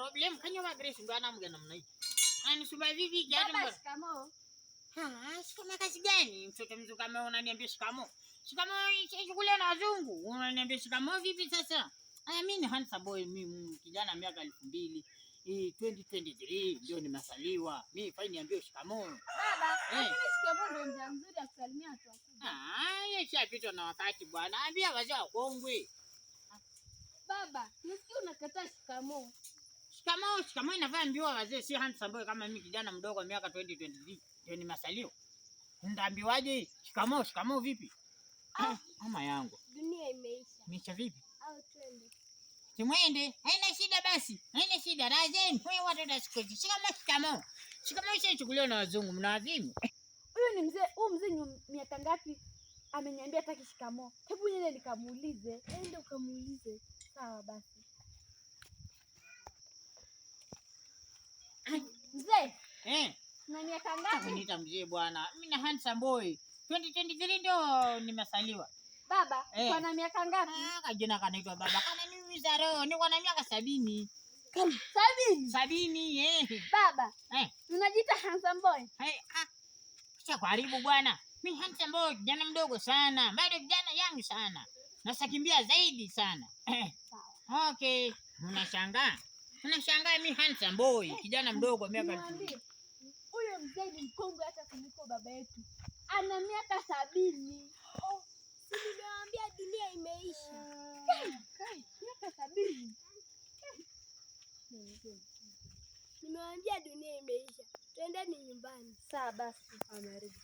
problem kanywa magresi ndo anamga namna hii. Anisumbua vivi gani mbona? Shikamo. ha shikamo kazi gani? Mtoto mzuri kama unaniambia shikamo. Shikamo kule na wazungu. Unaniambia shikamo vipi sasa? Ah, mimi ni handsome boy mimi kijana miaka 2000 mbili. Eh, 2023 ndio nimesaliwa. Mimi fine niambie shikamo. Baba, mimi shikamo ndio mjamzuri mzuri akusalimia tu. Ah, yeye shapitwa na wakati bwana. Ambia wazee wakongwe. Baba, nisikie unakataa shikamo. Shikamoo, shikamoo inafaa ambiwa wazee, si handsome boy kama mimi kijana mdogo miaka 20 23. Ndio ni masalio. Ndaambiwaje? Shikamoo, shikamoo vipi? Ah. ah, mama yangu. Dunia imeisha. Imeisha vipi? Au twende. Tumwende. Haina shida basi. Haina shida. Razeni, wewe watu wa siku hizi. Shikamoo, shikamoo. Shikamoo sio chukuliwa na wazungu, mnaadhimu. Huyu ni mzee, huyu mzee ni miaka ngapi? Ameniambia taki shikamoo. Hebu yeye nikamuulize. Ende ukamuulize. Sawa basi. Eh. Na miaka ngapi? Nita mzee bwana. Mimi na handsome boy. 2023 ndio nimesaliwa. Baba, eh. Kwa na miaka ngapi? Ah, kajina kanaitwa baba. Kana ni roho. Niko na miaka sabini. Sabini. Sabini, eh. Baba. Eh. Unajiita handsome boy? Eh, ah. Acha karibu bwana. Mimi handsome boy, kijana mdogo sana. Bado kijana yangu sana. Nasakimbia zaidi sana. Eh. Okay. Unashangaa. Unashangaa mimi handsome boy, eh. kijana mdogo miaka huyo mzee ni mkongwe hata kuliko baba yetu, ana miaka sabini. Oh, dunia imeisha. Miaka sabini, nimewambia dunia imeisha. Twendeni nyumbani. Sawa basi, amerudi.